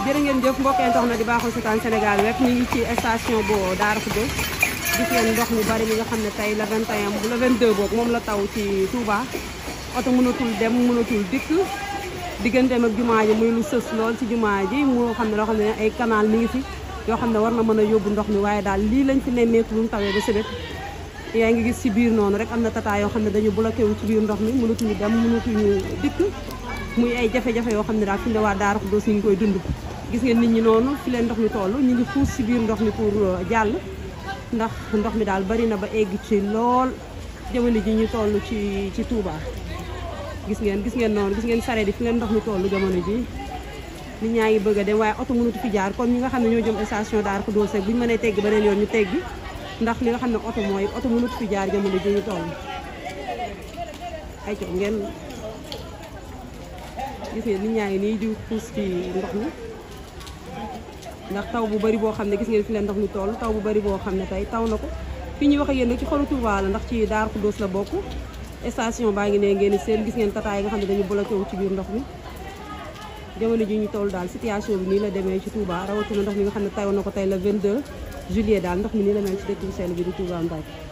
jërë ngeen jëf mbokk internet di baaxul seetaan Sénégal web ñu ngi ci station boo Daara Khoudoss gis ngeen ndox mi bari mi nga xam ne tey le 21 bu le 22 boog moom la taw ci Touba oto mënatul dem mënatul dikk digganteem ak jumaa ji muy lu lool ci jumaa ji moo xam ne loo xam ne ay canal mi ngi fi yoo xam ne war na mën a yóbbu ndox mi waaye daal lii lañ fi nemmeeku lu mu tawee ba ngi gis ci biir noonu rek am na tata yoo xam ne dañu bloqué wu ci biir ndox mi mënatuñu dem mënatuñu dikk muy ay jafe-jafe yoo xam ne daal fi mu ne waa Darou Khoudoss ñu ngi koy dund gis ngeen nit ñi noonu fi leen ndox mi toll ñu ngi xuus si biir ndox mi pour euh, jàll ndax ndox mi daal bari na ba egg ci lool jamono ji ñu toll ci ci Touba gis ngeen gis ngeen noonu gis ngeen sareet di fi leen ndox mi toll jamono ji nit ñaa ngi bëgg a dem waaye oto mënatu fi jaar kon ñi nga xam ne ñoo jëm station Darou Khoudoss rek bu ñu mënee tegg beneen yoon ñu tegg ndax li nga xam ne oto mooy oto mënatu fi jaar jamono ji ñu ngeen gis ngeen nit ñaa ngi nii di xuus ci ndox mi ndax taw bu bari boo xam ne gis ngeen fi ndox mi toll taw bu bari boo xam ne tey taw na ko fi ñu wax ak yéen nag ci xolu Touba la ndax ci Daaru Xuddoos la bokk station baa ngi ne ngeen seen gis ngeen tataay yi nga xam ne dañu bloqué wu ci biir ndox mi jamono ji ñu toll daal situation bi nii la demee ci Touba rawatina ndox mi nga xam ne taw na ko tey le 22 juillet daal ndox mi nii la mel ci dëkk